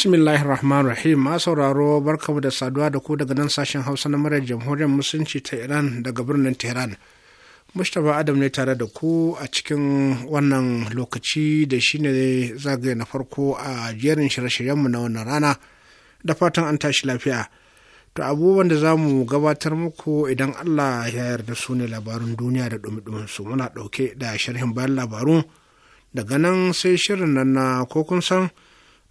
bismillahir rahmanir rahim ma sauraro barkamu da saduwa da ku daga nan sashen hausa na murar jamhuriyar musulunci ta iran daga birnin tehran mustapha adam ne tare da ku a cikin wannan lokaci da shine zagaye na farko a jerin shirye-shiryenmu na wannan rana da fatan an tashi lafiya to abubuwan da za mu gabatar muku idan allah ya yarda su ne labarun duniya da dumi su muna dauke da sharhin bayan labaru daga nan sai shirin nan na ko kun san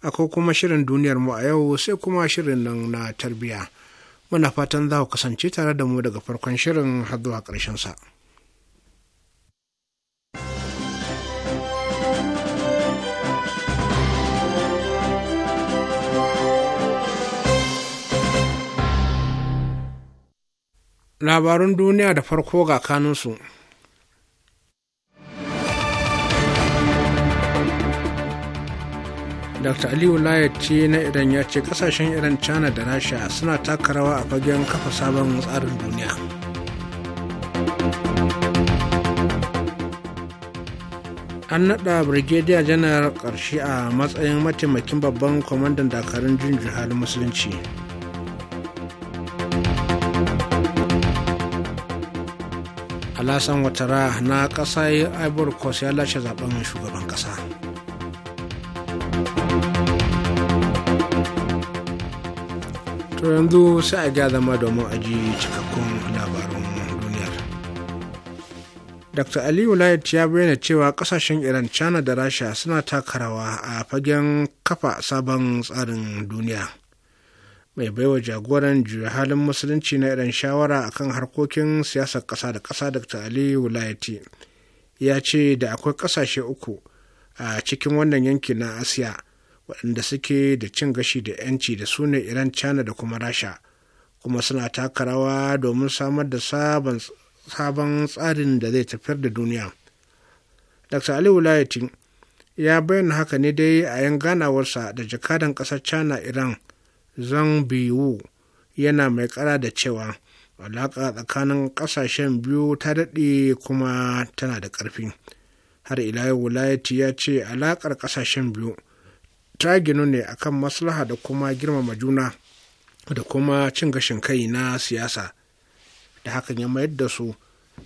akwai kuma shirin duniyar mu a yau sai kuma shirin nan na tarbiyya muna fatan za ku kasance tare da mu daga farkon shirin har zuwa ƙarshen sa. Labarun duniya da farko ga kanunsu. dr aliyu layat ce na iran ya ce kasashen iran china da rasha suna taka rawa a fagen kafa sabon tsarin duniya an naɗa brigadier janar ƙarshe a matsayin mataimakin babban kwamandan dakarun jin halin musulunci alasan watara na ƙasa ivory coast ya lashe zaben shugaban ƙasa to yanzu sai a ga zama domin a ji cikakkun labarun duniyar dr aliyu layat ya bayyana cewa kasashen iran china da rasha suna takarawa a fagen kafa sabon tsarin duniya mai baiwa jagoran juya halin musulunci na iran shawara a kan harkokin siyasar ƙasa da ƙasa dr aliyu layati ya ce da akwai ƙasashe uku a cikin wannan yanki na asiya waɗanda suke da cin gashi da 'yanci da sune iran china da kuma rasha kuma suna taka rawa domin samar da sabon tsarin da zai tafiyar da duniya dr ali wulayatin ya bayyana haka ne dai a yan ganawarsa da jakadan ƙasar china iran zhang biyu yana mai kara da cewa alaƙa tsakanin ƙasashen biyu ta daɗe kuma tana da ƙarfi har ila yau ya ce alaƙar ƙasashen biyu ta ginu ne akan maslaha da kuma girmama juna da kuma cin gashin kai na siyasa da hakan ya mayar da su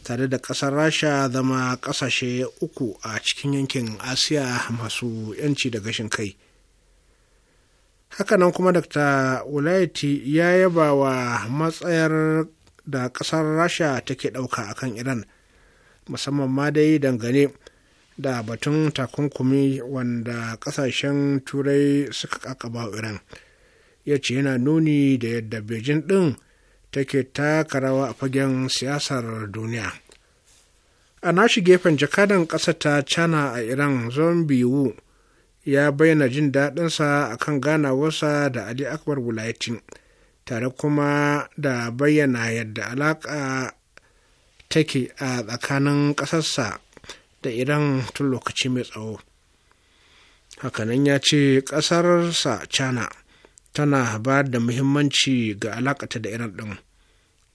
tare da kasar rasha zama kasashe uku a cikin yankin asiya masu yanci da gashin kai hakanan kuma dr wulaiti ya yaba wa matsayar da kasar rasha take ɗauka akan iran musamman ma dai dangane da batun takunkumi wanda kasashen turai suka kakaba iran ya ce yana nuni da yadda beijing din take taka rawa a fagen siyasar duniya a nashi gefen jakadan ƙasa ta china a iran zombi wu ya bayyana jin daɗinsa a kan ganawarsa da ali akbar wulayatin tare kuma da bayyana yadda alaƙa take a tsakanin ƙasarsa da iran tun lokaci mai tsawo hakanan ya ce ƙasarsa china tana ba da muhimmanci ga alakata da iran ɗin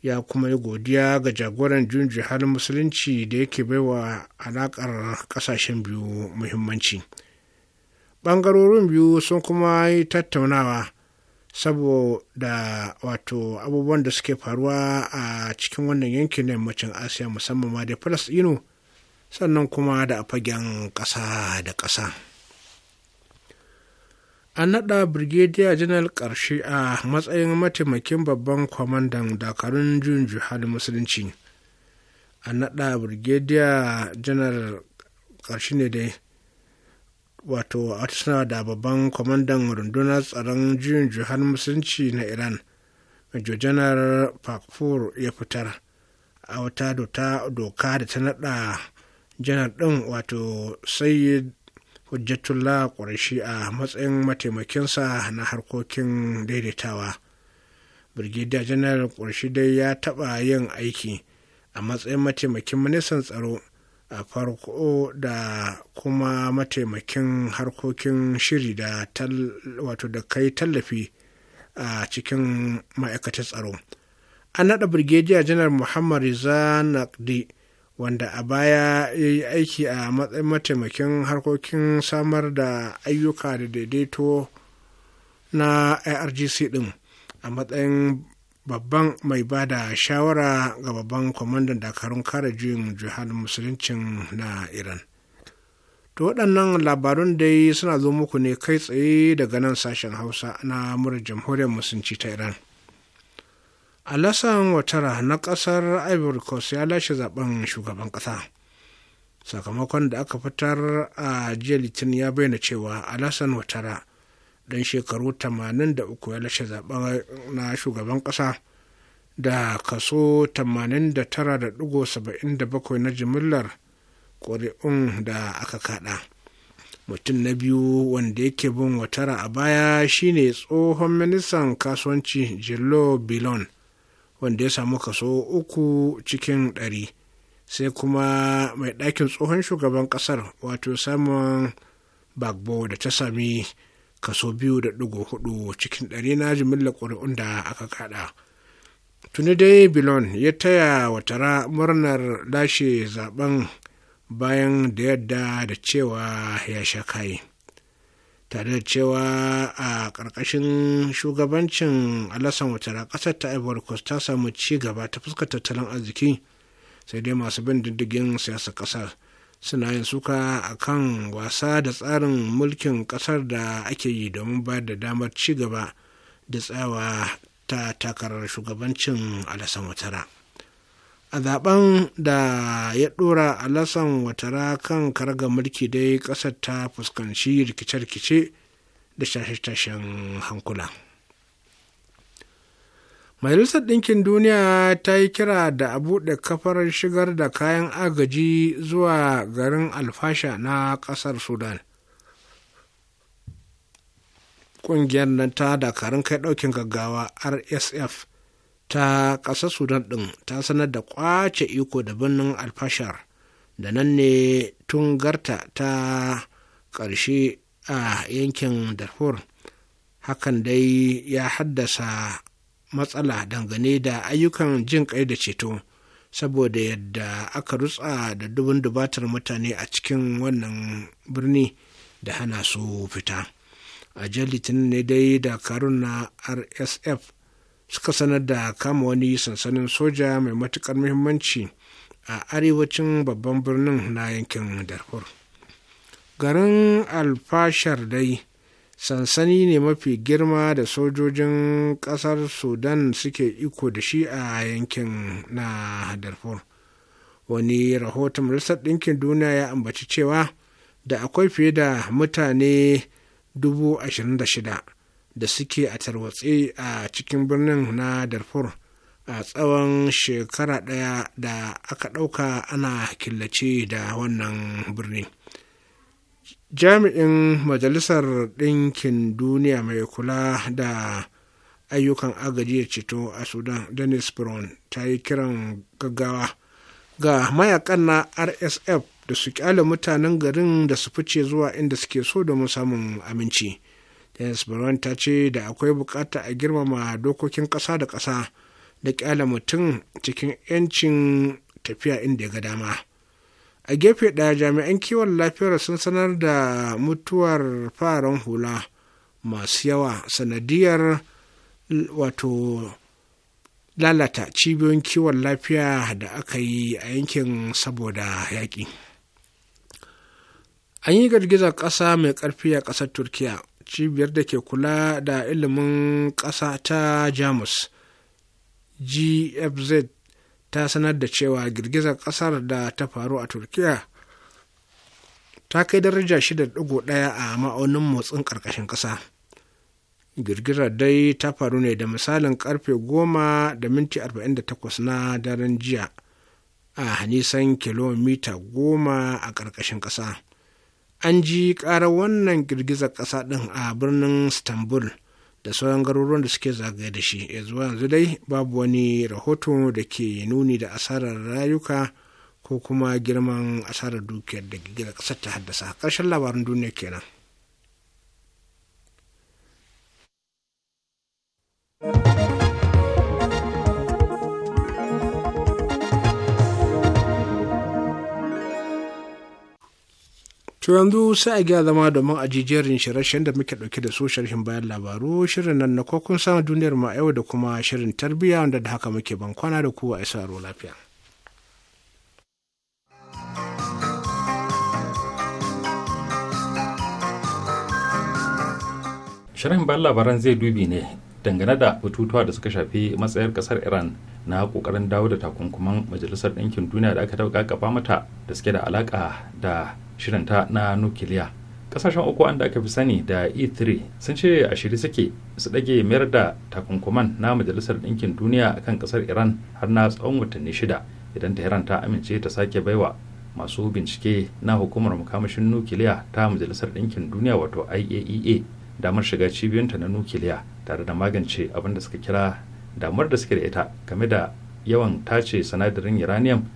ya kuma yi godiya ga jagoran junji halin musulunci da yake baiwa alakar ƙasashen biyu muhimmanci ɓangarorin biyu sun kuma yi tattaunawa saboda wato abubuwan da suke faruwa a cikin wannan yankin na yammacin asiya musamman ma da know, sannan kuma da a fagen ƙasa da ƙasa an naɗa brigadier janar ƙarshe a matsayin mataimakin babban kwamandan dakarun juyin juhal musulunci an naɗa brigadier general ƙarshe ne dai wato a da babban kwamandan rundunar tsaron juyin juhal musulunci na iran major general pakfur ya fitar a wata doka da ta naɗa janar ɗin wato sayyid hujjatullah ƙwarashi a matsayin mataimakinsa na harkokin daidaitawa birgida janar ƙwarashi dai ya taɓa yin aiki a matsayin mataimakin ministan tsaro a farko da kuma mataimakin harkokin shiri da wato da kai tallafi a cikin ma'aikatar tsaro an naɗa birgediya janar muhammad riza wanda a baya ya yi aiki a matsayin mataimakin harkokin samar da ayyuka da daidaito na irgc din a matsayin babban mai ba da shawara ga babban kwamandan dakarun kare juyin jihar musuluncin na iran to waɗannan labarun dai suna zo muku ne kai tsaye daga nan sashen hausa na murar jamhuriyar musulunci ta iran A lasan watara na kasar ivory coast ya lashe zaben shugaban kasa sakamakon da aka fitar a jiya litinin ya bayyana cewa a lasan watara don shekaru 83 ya lashe zaben na shugaban kasa da kaso 89.77 na jimillar ƙuri'un da aka kaɗa, mutum na biyu wanda yake bin watara a baya shine tsohon ministan kasuwanci jillo bilon wanda ya samu kaso uku cikin ɗari sai kuma mai ɗakin tsohon shugaban ƙasar wato samun bagbo da ta sami kaso biyu da ɗigo hudu cikin ɗari na jimillar ƙuri'un da aka kaɗa tuni dai bilon ya taya wa tara murnar lashe zaben bayan da yadda da cewa ya sha kayi tare da cewa a ƙarƙashin shugabancin alasan watara ƙasar ta ivory coast ta samu ci gaba ta fuskar tattalin arziki sai dai masu bin diddigin siyasar ƙasar suna yin suka a kan wasa da tsarin mulkin ƙasar da ake yi domin ba da damar ci gaba da tsawa ta takarar shugabancin alasan watara. a zaben da ya dora alasan watara kan karga mulki dai kasar ta fuskanci rikice-rikice da tashen hankula majalisar ɗinkin duniya ta yi kira da a buɗe kafar shigar da kayan agaji zuwa garin alfasha na ƙasar sudan ƙungiyar nan ta dakarun kai ɗaukin gaggawa rsf ta ƙasa sudan ɗin ta sanar da ƙwace iko da birnin alfashar da nan ne tun garta ta ƙarshe a yankin darfur hakan dai ya haddasa matsala dangane da ayyukan jin ƙai da ceto saboda yadda aka rutsa da dubin dubatar mutane a cikin wannan birni da hana su fita a jan litinin ne dai da karuna rsf suka sanar da kama wani sansanin soja mai matuƙar muhimmanci a arewacin babban birnin na yankin darfur garin alfashar dai sansani ne mafi girma da sojojin ƙasar sudan suke iko da shi a yankin na darfur wani rahoton majalisar ɗinkin duniya ya ambaci cewa da akwai fiye da mutane dubu da suke a tarwatse a cikin birnin na darfur a tsawon shekara ɗaya da aka ɗauka ana killace da wannan birni jami'in majalisar ɗinkin duniya mai kula da ayyukan agaji ya ceto a sudan dennis brown ta yi kiran gaggawa ga mayakan na rsf da su kyale mutanen garin da su fice zuwa inda suke so domin samun aminci esperon ta ce da akwai bukata a girmama dokokin ƙasa da ƙasa da ƙyale mutum cikin 'yancin tafiya inda ya ga dama a gefe ɗaya jami'an kiwon lafiyar sun sanar da mutuwar fararen hula masu yawa sanadiyar wato lalata cibiyoyin kiwon lafiya da aka yi a yankin saboda yaƙi. an yi girgizar ƙasa mai ƙarfi a ƙasar turkiya cibiyar da ke kula da ilimin ƙasa ta jamus gfz ta sanar da cewa girgizar ƙasar da ta faru a turkiya ta kai daraja 6.1 a ma'aunin motsin ƙarƙashin ƙasa girgizar dai ta faru ne da misalin ƙarfe 10 da 48 na daren jiya a nisan kilomita 10 a ƙarƙashin ƙasa an ji ƙarar wannan girgizar ƙasa ɗin a birnin istanbul da sauran garuruwan da suke zagaye da shi ya zuwa yanzu dai babu wani rahoto da ke nuni da asarar rayuka ko kuma girman asarar dukiyar da girgizar ƙasar ta haddasa ƙarshen labarin duniya kenan. To yanzu sai a gya zama domin a jijerin shirye da muke ɗauke da su sharhin bayan labaru shirin nan na kokon sama duniyar ma yau da kuma shirin tarbiyya wanda da haka muke ban kwana da kowa a isa lafiya. Shirin bayan labaran zai dubi ne dangane da batutuwa da suka shafi matsayar kasar Iran na kokarin dawo da takunkuman majalisar ɗinkin duniya da aka dauka mata da suke da alaka da shirinta na nukiliya kasashen uku da aka fi sani da e3 sun ce a shiri suke su ɗage mayar da takunkuman na majalisar ɗinkin duniya akan ƙasar iran har na tsawon watanni shida idan tehran ta amince ta sake baiwa masu bincike na hukumar makamashin nukiliya ta majalisar ɗinkin duniya wato iaea e damar shiga cibiyunta na nukiliya tare da magance abin da suka kira damar da suke da ita game da yawan tace sinadarin uranium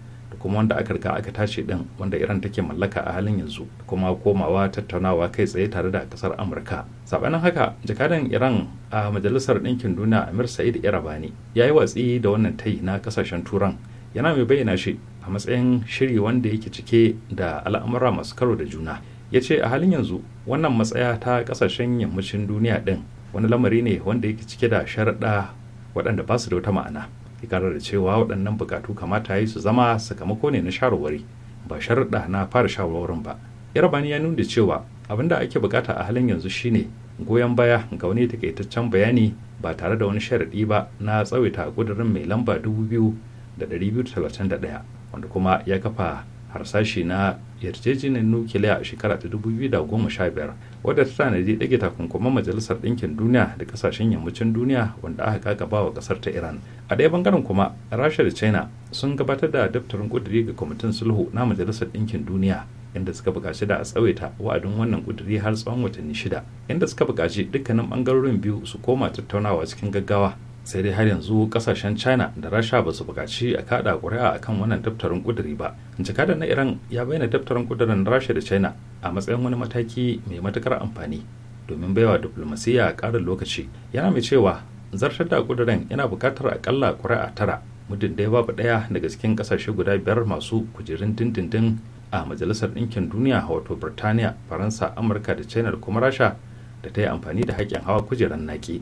kuma wanda aka riga aka tashi din wanda iran take mallaka a halin yanzu kuma komawa tattaunawa kai tsaye tare da kasar amurka sabanin haka jakadan iran a majalisar ɗinkin duniya amir sa'id irabani ya yi watsi da wannan tayi na kasashen turan yana mai bayyana shi a matsayin shiri wanda yake cike da al'amura masu karo da juna ya ce a halin yanzu wannan matsaya ta kasashen yammacin duniya din wani lamari ne wanda yake cike da sharaɗa waɗanda ba su da wata ma'ana ikarar kara da cewa waɗannan bukatu kamata yi su zama sakamako ne na shawarwari ba sharuɗa na fara shawarwarin ba yarabani ya nuna cewa abin da ake bukata a halin yanzu shine goyon baya ga wani takaitaccen bayani ba tare da wani sharaɗi ba na tsawaita ƙudurin mai lamba da 2231 wanda kuma ya kafa harsashi na yarjejeniyar nukiliya a shekara ta 2015 wadda ta tanadi ɗage takunkuman majalisar ɗinkin duniya da ƙasashen yammacin duniya wanda aka kakaba wa ƙasar ta iran a ɗaya bangaren kuma rasha da china sun gabatar da daftarin ƙuduri ga kwamitin sulhu na majalisar ɗinkin duniya inda suka buƙaci da a tsawaita wa'adin wannan ƙuduri har tsawon watanni shida inda suka buƙaci dukkanin ɓangarorin biyu su koma tattaunawa cikin gaggawa sai dai har yanzu kasashen china da rasha ba su bukaci a kada a kan wannan daftarin ƙuduri ba jakadar na iran ya bayyana daftarin kudurin rasha da china a matsayin wani mataki mai matukar amfani domin baiwa diplomasiya karin lokaci yana mai cewa zartar da kudurin yana bukatar akalla kuri'a tara muddin dai babu ɗaya daga cikin ƙasashe guda biyar masu kujerun dindindin a majalisar ɗinkin duniya wato birtaniya faransa amurka da china da kuma rasha da ta yi amfani da haƙƙin hawa kujerar naki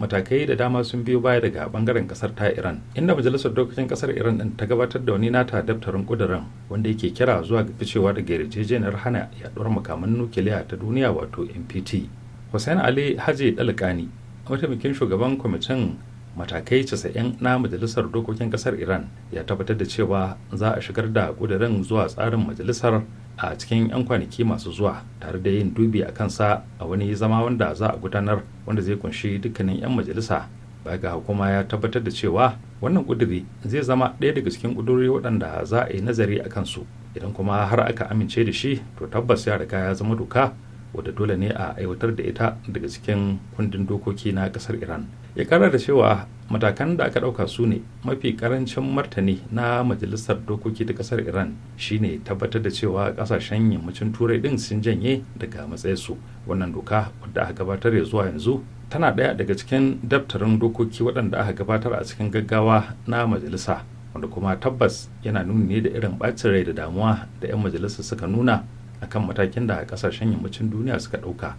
matakai da dama sun biyo baya daga bangaren kasar ta iran inda majalisar dokokin kasar iran din ta gabatar da wani nata daftarin kudirin wanda yake kira zuwa ga ficewa daga yarjejeniyar hana yaduwar makaman nukiliya ta duniya wato npt hussein ali haji dalakani mataimakin shugaban kwamitin matakai 90 na majalisar dokokin kasar iran ya tabbatar da cewa za a shigar da kudirin zuwa tsarin majalisar a cikin 'yan kwanaki masu zuwa tare da yin dubi a kansa a wani zama wanda za a gudanar wanda zai kunshi dukkanin 'yan majalisa baya ga hukuma ya tabbatar da cewa wannan ƙuduri zai zama ɗaya daga cikin ƙuduri waɗanda za a yi nazari a kansu idan kuma har aka amince da shi to tabbas ya riga ya zama doka wadda dole ne a aiwatar da ita daga cikin kundin dokoki na ƙasar iran ya kara da cewa matakan da aka ɗauka su ne mafi karancin martani na majalisar dokoki ta ƙasar iran shine tabbatar da cewa ƙasashen yammacin turai ɗin sun janye daga matsayinsu wannan doka wadda aka gabatar ya zuwa yanzu tana ɗaya daga cikin daftarin dokoki waɗanda aka gabatar a cikin gaggawa na majalisa wanda kuma tabbas yana nuni ne da irin ɓacin rai da damuwa da 'yan majalisa suka nuna akan matakin da ƙasashen yammacin duniya suka ɗauka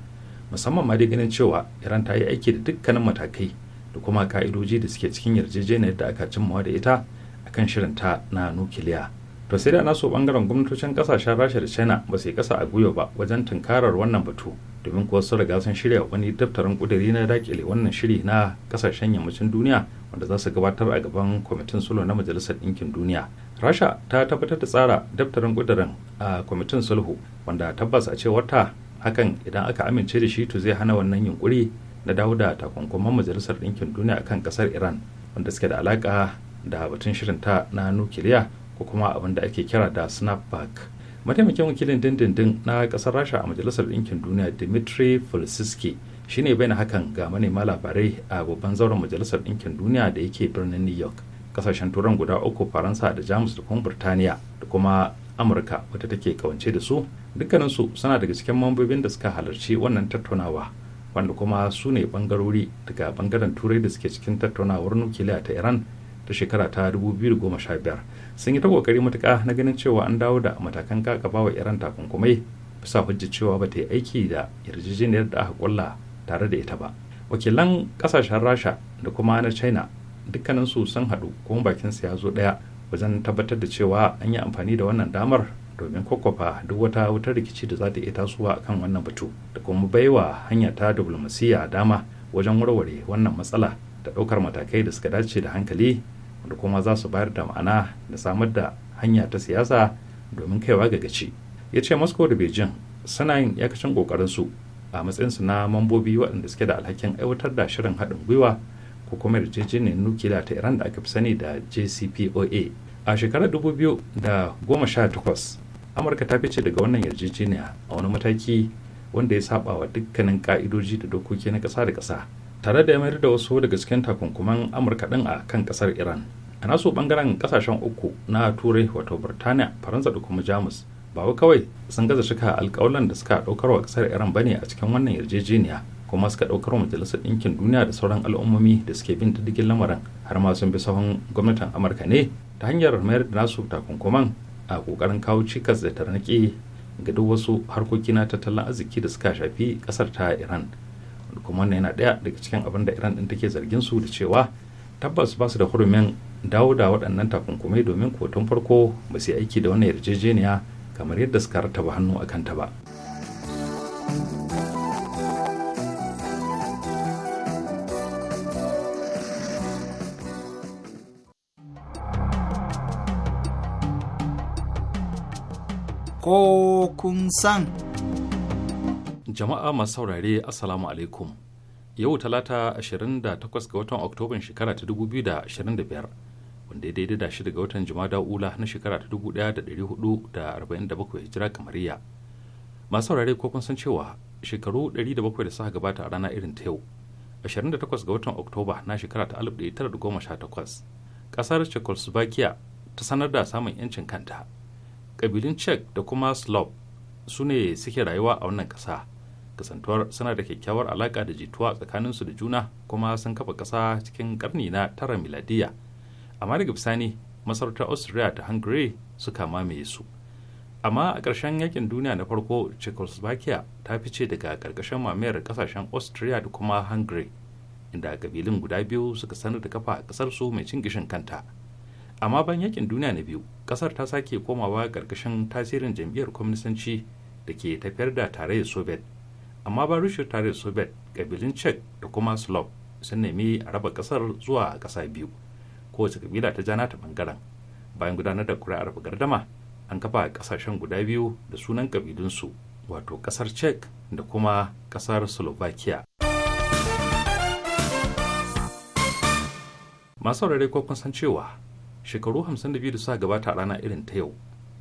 musamman ma dai ganin cewa iran ta yi aiki da dukkanin matakai da kuma ka'idoji da suke cikin yarjejeniyar da aka cimmawa da ita akan shirin ta na nukiliya to sai da naso bangaren gwamnatocin kasashen rasha da china ba su yi kasa a gwiwa ba wajen tunkarar wannan batu domin kuwa sun riga sun shirya wani daftarin kudiri na dakile wannan shiri na kasashen yammacin duniya wanda za su gabatar a gaban kwamitin sulhu na majalisar ɗinkin duniya rasha ta tabbatar da tsara daftarin kudirin a kwamitin sulhu wanda tabbas a cewar ta hakan idan aka amince da shi to zai hana wannan yunkuri na dawo da takunkuman majalisar ɗinkin duniya akan ƙasar iran wanda suke da alaƙa da batun shirin ta na nukiliya ko kuma abin da ake kira da snapback mataimakin wakilin dindindin na ƙasar rasha a majalisar ɗinkin duniya dimitri fulsiski shine bayan hakan ga manema labarai a babban zauren majalisar ɗinkin duniya da yake birnin new york kasashen turan guda uku faransa da jamus da kuma birtaniya da kuma amurka wadda take kawance da su dukkaninsu suna daga cikin mambobin da suka halarci wannan tattaunawa wanda kuma su ne bangarori daga bangaren turai da suke cikin tattaunawar nukiliya ta iran ta shekara ta 2015 sun yi ta kokari matuka na ganin cewa an dawo da matakan kakaba wa iran takunkumai bisa hujji cewa ba ta yi aiki da yarjejeniyar da aka kulla tare da ita ba wakilan kasashen rasha da kuma na china dukkaninsu sun haɗu kuma bakinsa ya zo ɗaya wajen tabbatar da cewa an yi amfani da wannan damar domin kwakwafa duk wata wutar rikici da za ta iya tasowa akan wannan batu da kuma baiwa hanya ta diplomasiya dama wajen warware wannan matsala da ɗaukar matakai da suka dace da hankali da kuma za su bayar da ma'ana da samar da hanya ta siyasa domin kaiwa ga gaci ya ce moscow da beijing suna yin iyakacin su a matsayin su na mambobi waɗanda suke da alhakin aiwatar da shirin haɗin gwiwa hukumar kuma yarjejeniyar ta iran da aka fi sani da jcpoa a shekarar 2018 amurka ta fice daga wannan yarjejeniya a wani mataki wanda ya saba wa dukkanin ka'idoji da dokoki na kasa da kasa. tare da mayar da wasu daga cikin takunkuman amurka din a kan kasar iran a naso bangaren kasashen uku na turai wato birtaniya faransa da kuma jamus ba kawai sun gaza shika alkawalan da suka ɗaukar wa kasar iran bane a cikin wannan yarjejeniya kuma suka ɗaukar majalisar ɗinkin duniya da sauran al'ummomi da suke bin diddigin lamarin har ma sun bi sahun gwamnatin amurka ne ta hanyar mayar da nasu takunkuman a ƙoƙarin kawo cikas da tarnaƙi ga duk wasu harkoki na tattalin arziki da suka shafi ƙasar ta iran kuma wannan yana ɗaya daga cikin abin da iran ɗin take zargin su da cewa tabbas ba su da hurumin dawo da waɗannan takunkumai domin kotun farko ba su yi aiki da wannan yarjejeniya kamar yadda suka rataba hannu a kanta ba. ko kun san. Jama'a masu saurare Assalamu alaikum. Yau talata 28 ga watan Oktoban shekara ta 2025 wanda ya daidai da shi daga watan Jumada Ula na shekara ta 1447 hijira kamariya. Masu saurare ko kun san cewa shekaru 107 da suka gabata a rana irin ta yau 28 ga watan Oktoba na shekara ta 1918 kasar Czechoslovakia ta sanar da samun 'yancin kanta. ƙabilun czech da kuma slav su ne suke rayuwa a wannan ƙasa kasantuwar suna da kyakkyawar alaƙa da jituwa tsakaninsu da juna kuma sun kafa ƙasa cikin karni na tara miladiya amma daga bisani masarautar austria ta hungary suka mamaye su amma a ƙarshen yakin duniya na farko czechoslovakia ta fice daga ƙarƙashin mamayar ƙasashen austria da kuma hungary inda ƙabilun guda biyu suka sanar da kafa ƙasarsu mai cin gishin kanta amma ban yakin duniya na biyu kasar ta sake komawa karkashin tasirin jam'iyyar kwamnisanci da ke tafiyar da tarayyar soviet amma ba rushe tarayyar soviet kabilin czech da kuma slav sun nemi a raba kasar zuwa kasa biyu kowace kabila ta jana ta bangaren bayan gudanar da kuri'ar gardama an kafa kasashen guda biyu da sunan kabilunsu wato kasar czech da kuma kasar slovakia masu rarrai kun san cewa shekaru 52 da suka gabata a rana irin ta yau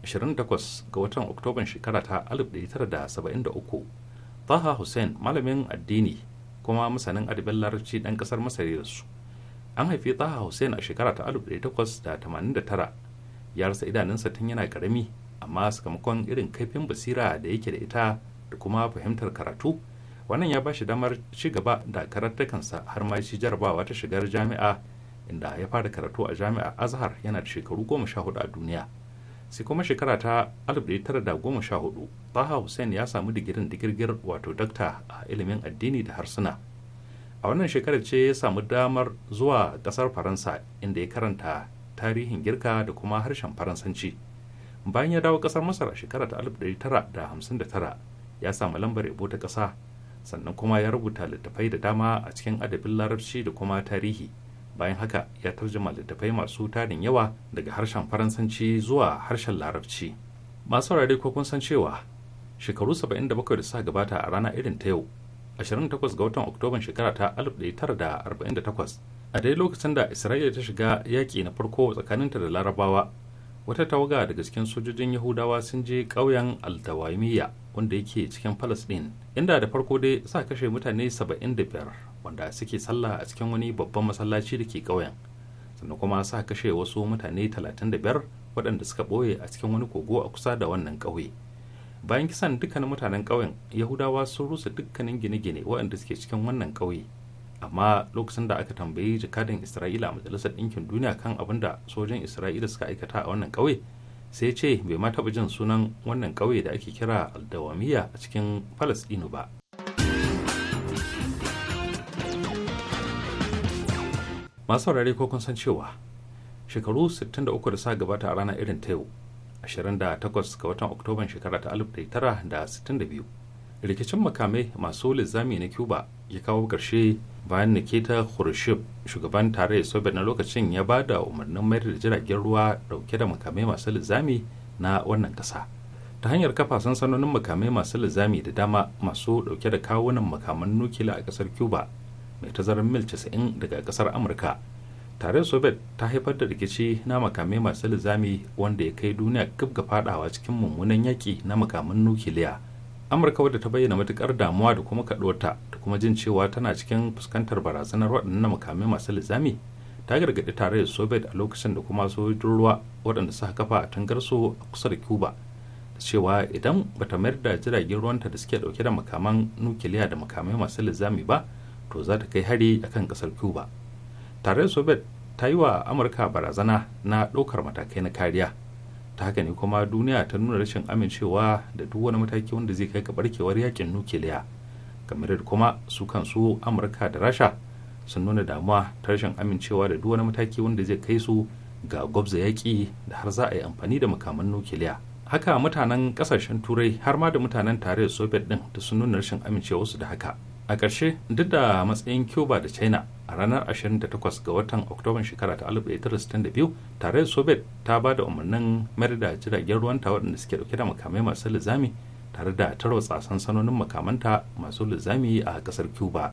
28 ga watan oktoban shekara ta 1973 taha hussein malamin addini kuma masanin adabin larabci ɗan ƙasar masar an haifi taha hussein a shekara ta 1889 ya rasa idanunsa tun yana karami amma sakamakon irin kaifin basira da yake da ita da kuma fahimtar karatu wannan ya ba shi damar ci gaba da karattakansa har ma shi jarabawa ta shigar jami'a inda ya fara karatu a jami'ar azhar yana da shekaru goma sha hudu a duniya sai kuma shekara ta 1914 taha hussein ya samu digirin digirgir wato dakta a ilimin addini da harsuna a wannan shekarar ce ya samu damar zuwa kasar faransa inda ya karanta tarihin girka da kuma harshen faransanci bayan ya dawo kasar masar a shekara ta 1959 ya samu lambar yabo ta kasa sannan kuma ya rubuta littattafai da dama a cikin adabin larabci da kuma tarihi bayan haka ya tarjima littattafai masu tarin yawa daga harshen faransanci zuwa harshen larabci masu rari ko kun san cewa shekaru 77 da suka gabata a rana irin ta yau 28 ga watan oktoban shekara ta 1948 a dai lokacin da isra'ila ta shiga yaƙi na farko tsakaninta da larabawa wata tawaga daga cikin sojojin yahudawa sun je ƙauyen aldawamiya wanda yake cikin palestine inda da farko dai sa kashe mutane 75 wanda suke sallah a cikin wani babban masallaci da ke ƙauyen sannan kuma sa kashe wasu mutane 35 waɗanda suka ɓoye a cikin wani kogo a kusa da wannan ƙauye bayan kisan dukkanin mutanen ƙauyen yahudawa sun rusa dukkanin gine-gine waɗanda suke cikin wannan ƙauye amma lokacin da aka tambayi jakadan isra'ila a majalisar ɗinkin duniya kan abin da sojin isra'ila suka aikata a wannan ƙauye sai ce bai ma taɓa jin sunan wannan ƙauye da ake kira aldawamiya a cikin falasɗinu ba masu saurare ko kun san cewa shekaru 63 da sa gabata a ranar irin ta yau 28 ga watan oktoban shekara ta 1962 rikicin makamai masu lizami na cuba ya kawo ƙarshe bayan nikita khrushchev shugaban tarayyar soviet na lokacin ya ba da umarnin mayar da jiragen ruwa dauke da makamai masu lizami na wannan ƙasa ta hanyar kafa sansanonin makamai masu lizami da dama masu dauke da kawunan makaman nukila a ƙasar cuba mai tazarar mil 90 daga kasar amurka tare soviet ta haifar da rikici na makamai masu lizami wanda ya kai duniya gab ga fadawa cikin mummunan yaki na makaman nukiliya amurka wadda ta bayyana matukar damuwa da kuma kaɗota da kuma jin cewa tana cikin fuskantar barazanar waɗannan makamai masu lizami ta gargaɗi da soviet a lokacin da kuma sojojin ruwa waɗanda suka kafa a tangarsu a kusa da cuba da cewa idan bata mayar da jiragen ruwanta da suke ɗauke da makaman nukiliya da makamai masu lizami ba to za ta kai hari a kan ƙasar cuba tare soviet ta yi wa amurka barazana na ɗaukar matakai na kariya ta haka ne kuma duniya ta nuna rashin amincewa da duk wani mataki wanda zai kai ga barkewar yakin nukiliya kamar da kuma su kansu amurka da rasha sun nuna damuwa ta rashin amincewa da duk wani mataki wanda zai kai su ga gwabza yaƙi da har za a yi amfani da makaman nukiliya haka mutanen ƙasashen turai har ma da mutanen tarayyar soviet din da sun nuna rashin amincewa su da haka a ƙarshe duk da matsayin cuba da china a ranar 28 ga watan oktoban shekara ta 1962 tare da soviet ta ba da umarnin mayar da jiragen ruwanta waɗanda suke ɗauke da makamai masu lizami tare da tarwatsa sansanonin makamanta masu lizami a ƙasar cuba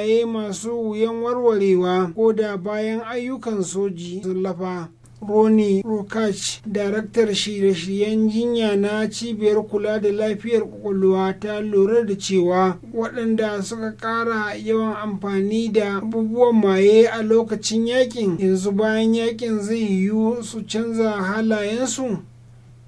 halaye masu wuyan warwarewa ko da bayan ayyukan soji sun lafa Roni Rokach, daraktar shirye-shiryen jinya na cibiyar kula da lafiyar kwakwalwa ta lura da cewa waɗanda suka ƙara yawan amfani da abubuwan maye a lokacin yakin yanzu bayan yakin zai yiwu su canza halayensu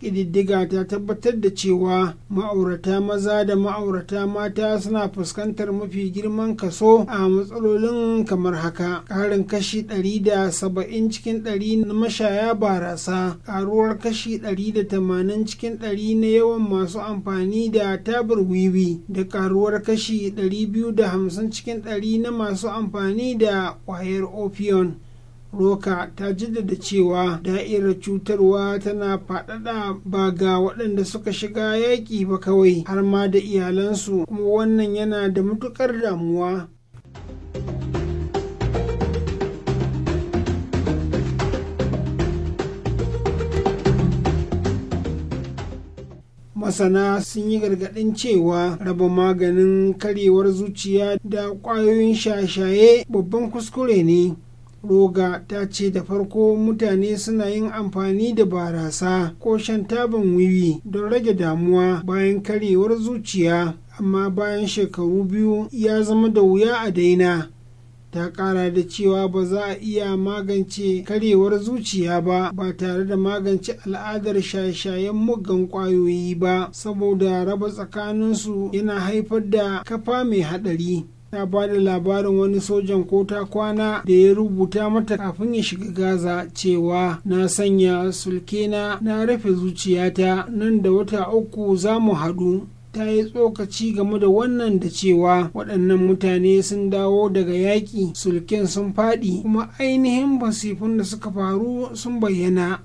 ƙididdiga ta tabbatar da cewa ma'aurata maza da ma'aurata mata suna fuskantar mafi girman kaso a matsalolin kamar haka ƙarin kashi 170 cikin 100 na mashaya barasa ƙaruwar kashi 180 cikin 100 na yawan masu amfani da tabar wiwi da ƙaruwar kashi 250 cikin 100 na masu amfani da ƙwayar opion roka ta jaddada cewa da'irar cutarwa tana faɗaɗa ba ga waɗanda suka shiga yaƙi ba kawai har ma da iyalansu kuma wannan yana da matuƙar damuwa masana sun yi gargaɗin cewa raba maganin karyewar zuciya da ƙwayoyin shashaye babban kuskure ne roga ta ce da farko mutane suna yin amfani da barasa ko shan tabin wiwi don rage damuwa bayan karewar zuciya amma bayan shekaru biyu ya zama da wuya a daina ta kara da cewa ba za a iya magance karewar zuciya ba ba tare da magance al'adar shaye-shayen muggan kwayoyi ba saboda raba tsakaninsu yana haifar da kafa mai haɗari ta bada labarin wani sojan ko ta kwana da ya rubuta mata kafin ya shiga gaza cewa na sanya sulkena na rufe zuciyata nan da wata uku za mu haɗu ta yi tsokaci game da wannan da cewa waɗannan mutane sun dawo daga yaƙi sulken sun faɗi kuma ainihin basifun da suka faru sun bayyana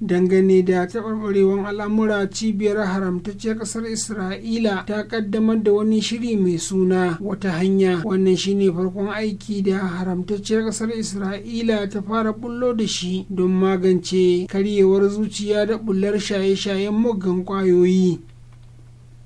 dangane da taɓarɓarewar al'amura cibiyar haramtacciyar ƙasar isra'ila ta ƙaddamar da wani shiri mai suna wata hanya wannan shine farkon aiki da haramtacciyar ƙasar isra'ila ta fara bullo da shi don magance karyewar zuciya da bullar shaye-shayen muggan ƙwayoyi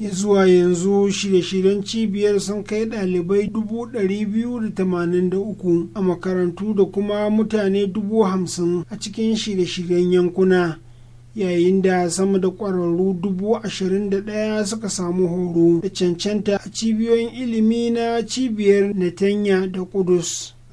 ya zuwa yanzu shirye-shiryen cibiyar sun kai dalibai 283 a makarantu da kuma mutane 50,000 a cikin shirye-shiryen yankuna yayin da sama da ƙwararru 21,000 suka samu horo da cancanta a cibiyoyin ilimi na cibiyar netanya da kudus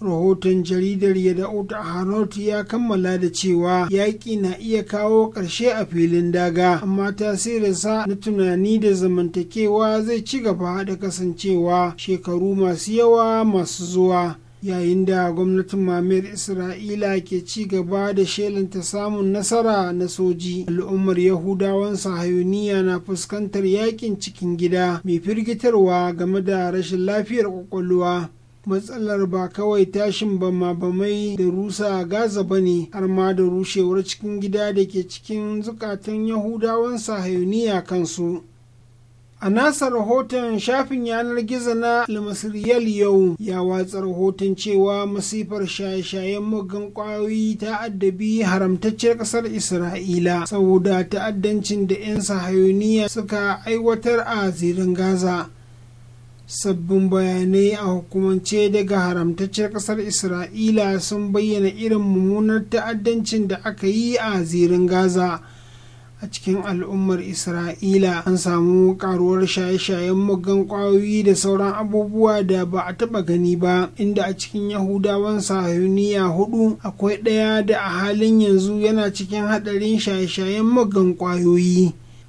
rahoton jaridar ya yada'ut hanot ya kammala da cewa yaƙi na iya kawo ƙarshe a filin daga amma tasirinsa na tunani da zamantakewa zai ci gaba da kasancewa shekaru masu yawa masu zuwa yayin da gwamnatin mamayar isra'ila ke ci gaba da shelanta samun nasara na soji al'ummar yahudawan sahayuniya na fuskantar yakin cikin gida mai firgitarwa game da rashin lafiyar ƙwaƙwalwa. matsalar ba kawai tashin bama-bamai da rusa a gaza ba ne har ma da rushewar cikin gida da ke cikin zukatan yahudawan sahayuniya kansu a nasa rahoton shafin yanar gizo na almasiriyal yau ya watsa rahoton cewa masifar shaye-shayen muggan kwayoyi ta addabi haramtacciyar kasar isra'ila saboda ta'addancin da 'yan sahayuniya suka aiwatar a zirin gaza sabbin bayanai a hukumance daga haramtacciyar ƙasar isra'ila sun bayyana irin mummunar ta'addancin da aka yi a zirin gaza a cikin al'ummar isra'ila an samu karuwar shaye-shayen muggan kwayoyi da sauran abubuwa da ba a taɓa gani ba inda a cikin yahudawan sahuniya hudu akwai ɗaya da a halin yanzu yana cikin haɗarin shaye-shayen muggan kwayoyi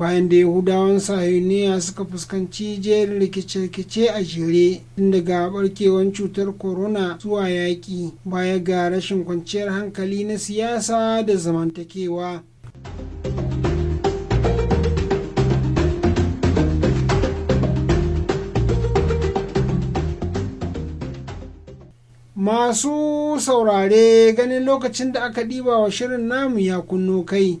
bayan da yahudawan sahiniya suka fuskanci jerin rikice-rikice a jere daga barkewan cutar corona zuwa yaƙi baya ga rashin kwanciyar hankali na siyasa da zamantakewa masu saurare ganin lokacin da aka ɗiba wa shirin namu ya kunno kai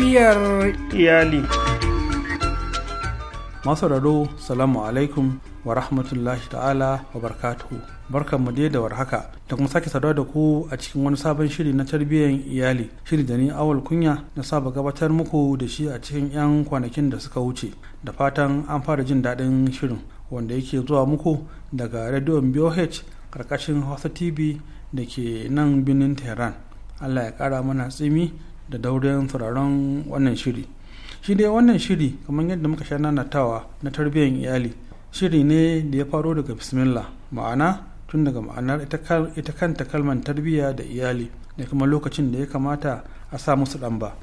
tarbiyyar iyali masu raro salamu alaikum wa rahmatullahi ta'ala wa barkatuhu barkan mu da warhaka da kuma sake saduwa da ku a cikin wani sabon shiri na tarbiyyar iyali shiri da ni awal kunya na saba gabatar muku da shi a cikin 'yan kwanakin da suka wuce da fatan an fara jin daɗin shirin wanda yake zuwa muku daga rediyon BOH karkashin Hausa TV da ke nan birnin Tehran. Allah ya ƙara mana tsimi da daurin sauraron wannan shiri shi dai wannan shiri kamar yadda muka sha nanatawa na tarbiyyar iyali shiri ne da ya faro daga bismillah ma'ana tun daga ma'anar ita kanta kalmar tarbiyya da iyali da kuma lokacin da ya kamata a sa musu dan ba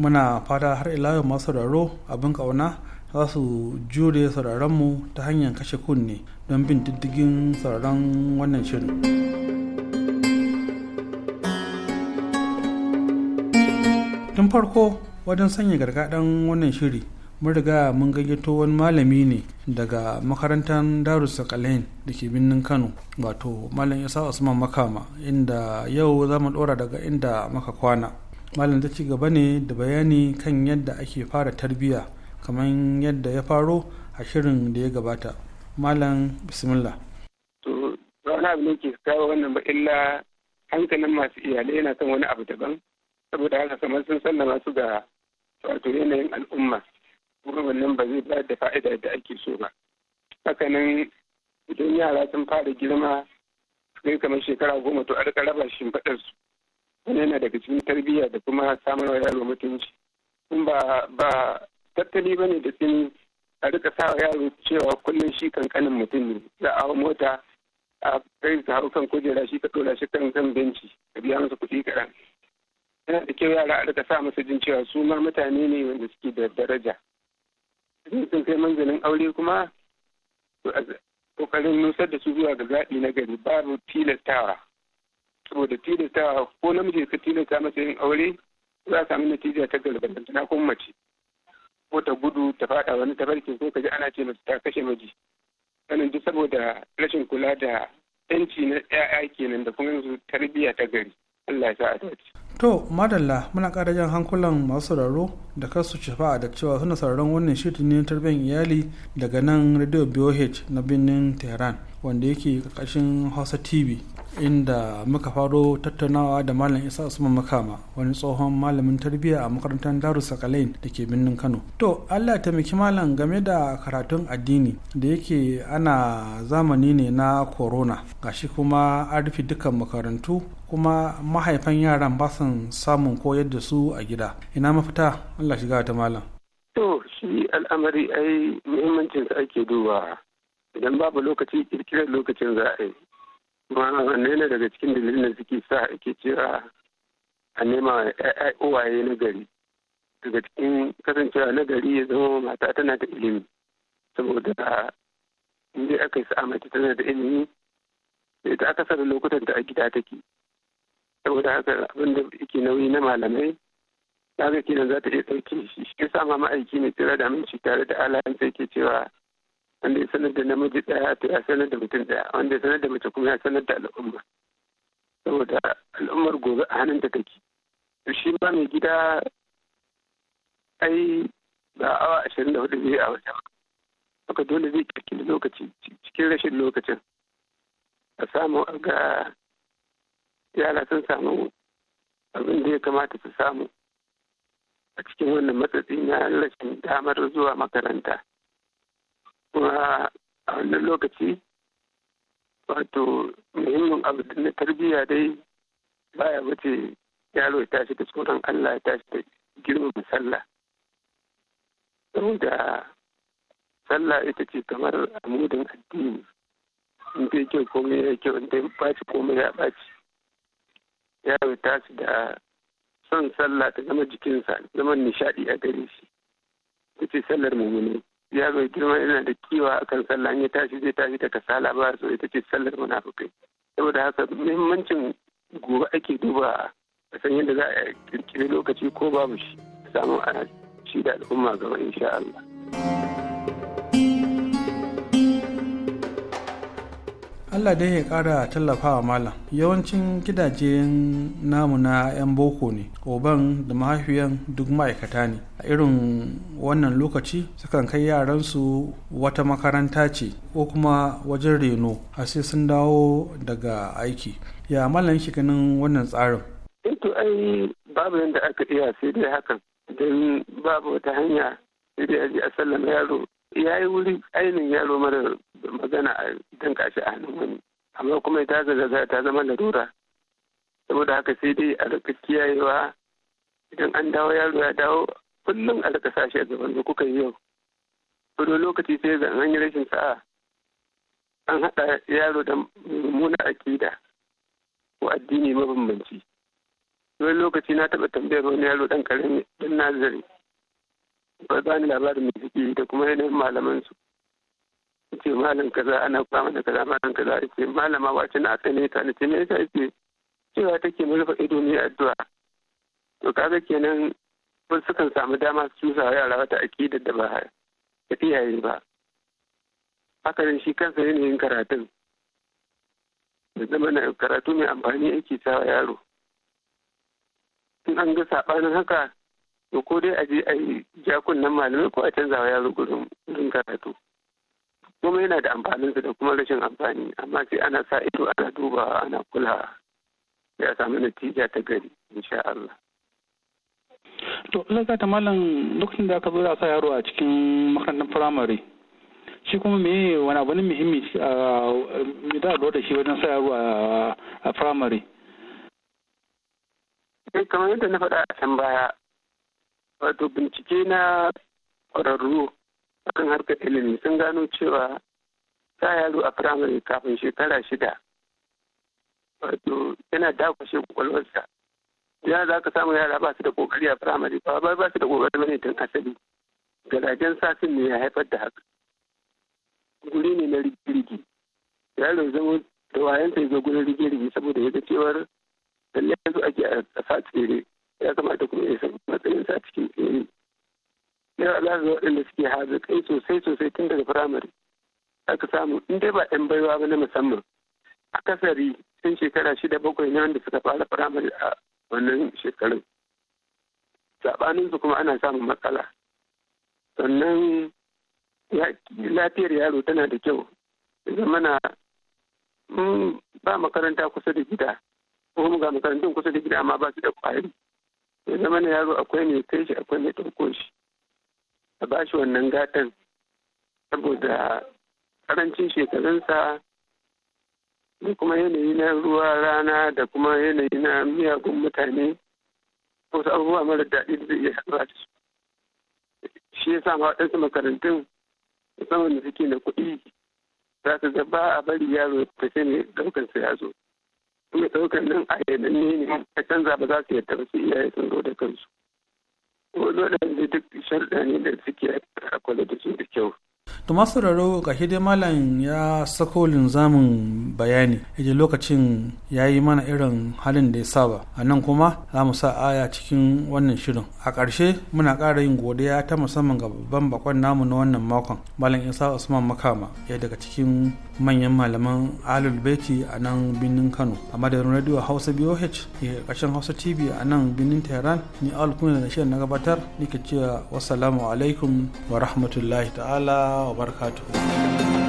muna fata har ila yau masu sauraro abin kauna za su jure sauraronmu ta hanyar kashe kunne don bin diddigin sauraron wannan shirin. tun farko wajen sanya gargaɗin wannan shiri mun riga mun gayyato wani malami ne daga makarantar darus sakalain da ke birnin kano wato malam isa usman makama inda yau za mu ɗora daga inda maka kwana malam ta ci gaba ne da bayani kan yadda ake fara tarbiyya kamar yadda ya faro a shirin da ya gabata malam bismillah to wani abu ne ke kawo wannan ba illa hankalin masu iyalai yana kan wani abu daban saboda haka kamar sun sallama su ga wato yanayin al'umma kuma wannan ba zai bayar da fa'ida da ake so ba hakanan idan yara sun fara girma kai kamar shekara goma to a rika raba faɗar su wani yana daga cikin tarbiyya da kuma wa yaro mutunci kun ba ba tattali bane da tsini a rika sa yaro cewa kullum shi kankanin mutum ne za a mota a kai su hau kan kujera shi ka ɗora shi kan kan benci ka biya masa kuɗi kaɗan yana da kyau yara a rika sa masa jin cewa su mutane ne wanda suke da daraja idan sun kai manzanin aure kuma kokarin nusar da su zuwa ga zaɓi na gari babu tilastawa saboda tilastawa ko namiji ka tilasta masa yin aure za a sami natija ta galbantana kuma mace ko ta gudu ta faɗa wani tafarkin ko ka ji ana ce mace ta kashe miji sanin duk saboda rashin kula da yanci na 'ya'ya kenan da kuma yanzu tarbiyya ta gari Allah ya sa a to madalla muna ƙara jan hankulan masu sauraro da kasu shafa'a da cewa suna sauraron wannan shirin ne tarbiyyar iyali daga nan radio boh na birnin tehran wanda yake ƙarƙashin hausa tv inda muka faro tattaunawa da malam isa usman makama wani tsohon malamin tarbiyya a makarantar daru sakalain da ke birnin kano to allah taimaki malam game da karatun addini da yake ana zamani ne na corona gashi kuma an rufe dukkan makarantu kuma mahaifan yaran ba samun koyar da su a gida ina mafita allah shiga ta malam to shi al'amari ai muhimmancin ake duba idan babu lokaci kirkirar lokacin za a yi kuma wannan yana daga cikin dalilin da suke sa ake cewa a nema uwaye na gari daga cikin kasancewa na gari ya zama mata tana da ilimi saboda inda aka yi sa'a mace tana da ilimi sai ita aka sarar lokutan da a gida take saboda haka abin da yake nauyi na malamai haka kenan za ta iya sauke shi shi sa ma ma'aiki ne tsira da aminci tare da alayen sai ke cewa wanda ya sanar da namiji ɗaya to ya sanar da mutum ɗaya wanda ya sanar da mace kuma ya sanar da al'umma saboda al'ummar gobe a hannun take to shi ba mai gida ai ba awa ashirin da hudu zai a wata haka dole zai kirkiri lokaci cikin rashin lokacin a samu a ga yara sun samu abin da ya kamata su samu a cikin wannan matsatsi na rashin damar zuwa makaranta kuma a wannan lokaci wato muhimmin abu na tarbiyya dai baya wace yaro ya tashi da tsoron Allah ya tashi da girmama sallah saboda sallah ita ce kamar amudin addini in dai kyau komai ya kyau in dai baci komai ya baci yaro ya tashi da son sallah ta zama jikinsa zama nishadi a gare shi ita ce sallar mummuni yaro girma yana da kiwa akan sallah ya tashi zai tashi da kasala ba so ita ce sallar munafukai saboda haka muhimmancin gobe ake duba a san yadda za a kirkiri lokaci ko babu shi samu a shi da al'umma gaba insha Allah. allah dai ya kara tallafawa malam yawancin gidajen namu na 'yan boko ne oban da mahaifiyan duk ma'aikata ne a irin wannan lokaci sukan kai yaransu wata makaranta ce ko kuma wajen reno a sai sun dawo daga aiki ya malam shi ganin wannan tsarin eh to ai babu yadda aka iya sai dai hakan don babu wata hanya sai dai a sallama yaro ya yi wuri ainihin yaro mara magana a dan shi a hannun wani amma kuma ta zaga ta zama larura saboda haka sai dai a rika kiyayewa idan an dawo yaro ya dawo kullum a rika sashi a gaban da kuka yi yau wani lokaci sai ga an yi rashin sa'a an haɗa yaro da mummuna akida ko addini mabambanci wani lokaci na taɓa tambayar wani yaro ɗan ƙarami ɗan nazari ba ba ni labarin mai suke yi da kuma yanayin malaman su ce malam kaza ana kama da kaza malam kaza ce malama wace na ne ta na ce me yasa ce cewa take ke ido ne addu'a to kaga kenan wasu sukan samu dama su cusa wa yara wata aƙidar da ba ta iyaye ba haka ne shi kansa yanayin karatun da zama na karatu mai amfani yake sawa yaro in an ga saɓanin haka to ko dai a je a yi jakunan malamai ko a canza wa yaro gurin gurin karatu kuma yana da su da kuma rashin amfani amma sai ana sa ido ana duba ana kula ya samu natija ta gari insha Allah. To, laga ta malam lokacin da aka zo da sa yaro a cikin makarantar firamare, shi kuma me wani abu ne muhimmi me da lura da shi wajen sa yaro a firamare? Eh, kamar yadda na faɗa a can baya, wato bincike na ƙwararru akan harkar ilimi sun gano cewa sa yaro a firamare kafin shekara shida wato yana dakwashe kwakwalwarsa ya za ka samu yara ba su da kokari a firamare ba ba ba su da kokari bane tun asali garajen sasin ne ya haifar da haka guri ne na rigirgi yaro zama da wayan sai zo gurin rigirgi saboda ya ga cewar lallai yanzu ake a tsere ya kamata kuma ya san matsayin sa cikin ilimi yana alaƙa da waɗanda suke kai sosai sosai tun daga firamare aka samu in dai ba 'yan baiwa ba na musamman akasari tun shekara shida bakwai ne wanda suka fara firamare a wannan shekarun su kuma ana samun matsala sannan lafiyar yaro tana da kyau zamana mm, ba makaranta kusa da gida ko ga makarantun kusa da gida amma ba su da ƙwari ya zama na yaro akwai mai kai shi akwai mai ɗauko shi a ba shi wannan gatan saboda karancin shekarunsa da kuma yanayi na ruwa rana da kuma yanayi na miyagun mutane wasu abubuwa mara daɗi da zai iya da su shi ya sa waɗansu makarantun musamman da suke na kuɗi za su ga ba a bari yaro ta sai ne ɗaukansa ya zo kuma ɗaukar nan a yadda ne a canza ba za su yadda ba su iyaye sun zo da kansu. Wadannan duk sharɗa ne da suke a kula da su da kyau. to masu raro ga dai malam ya sako linzamin bayani yaje lokacin ya yi mana irin halin da ya saba a nan kuma za mu sa aya cikin wannan shirin a ƙarshe muna ƙara yin godiya ta musamman ga babban bakon namu na wannan makon malam isa usman makama ya daga cikin manyan malaman alul beti a nan birnin kano a madadin radio hausa boh ya ƙarshen hausa tv a nan birnin tehran ni alkuna da shirin na gabatar nake cewa wassalamu alaikum wa rahmatullahi ta'ala wa barakatuhu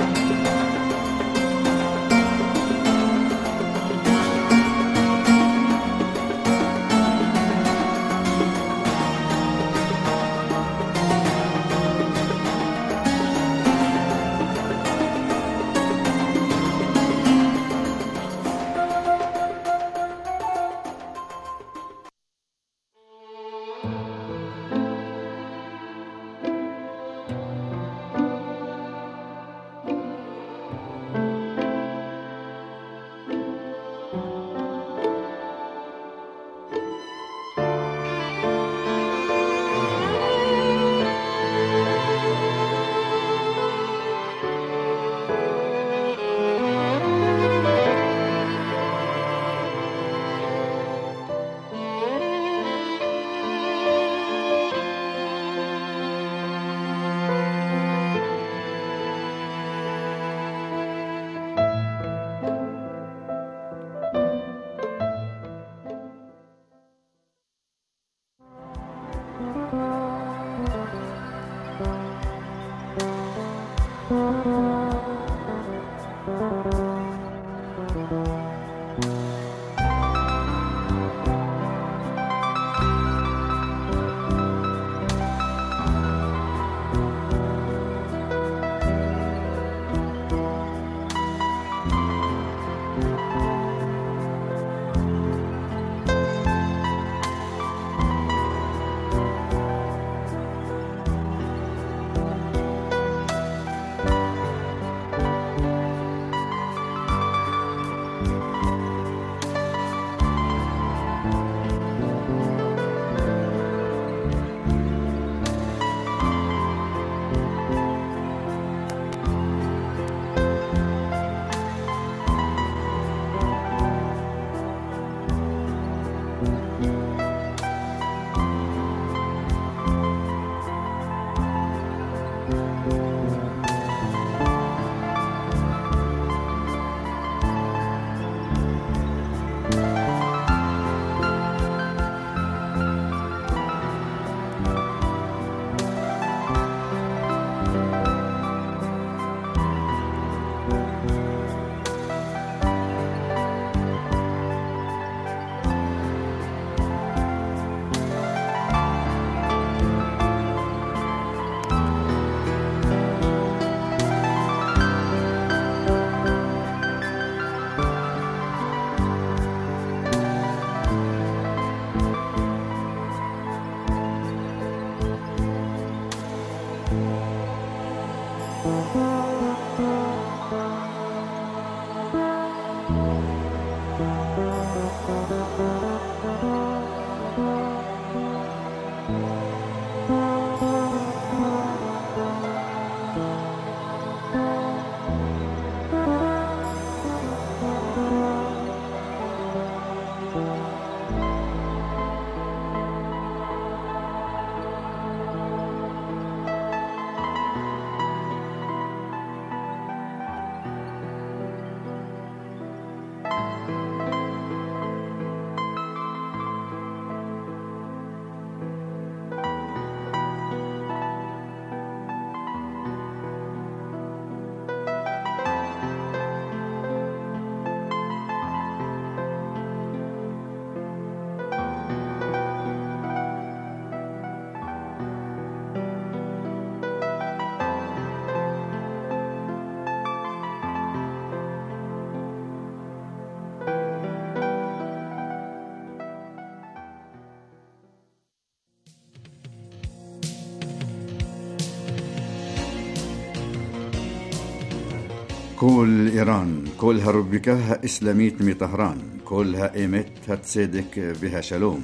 كل إيران كلها ربكها إسلاميت مي طهران كلها إيمت هتسيدك بها شلوم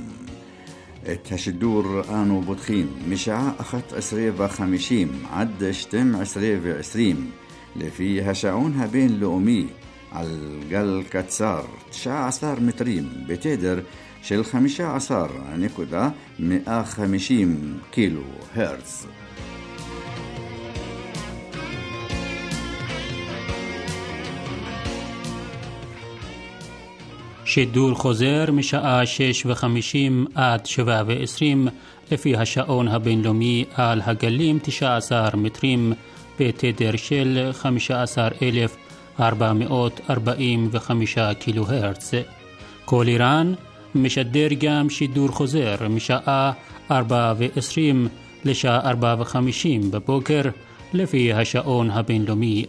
الدور آنو بطخيم مشاعة أخت أسرية وخمشيم عد شتم أسرية عسريم لفيها شعونها بين لومي على قل كتسار تشاع عصار متريم بتدر شل خمشة عصار نكودا مئة خمشيم كيلو هرتز שידור חוזר משעה 6:50 עד 7:20 לפי השעון הבינלאומי על הגלים 19 מטרים בתדר של 15,445 קילו הרץ. כל איראן משדר גם שידור חוזר משעה 4:20 לשעה 4:50 בבוקר לפי השעון הבינלאומי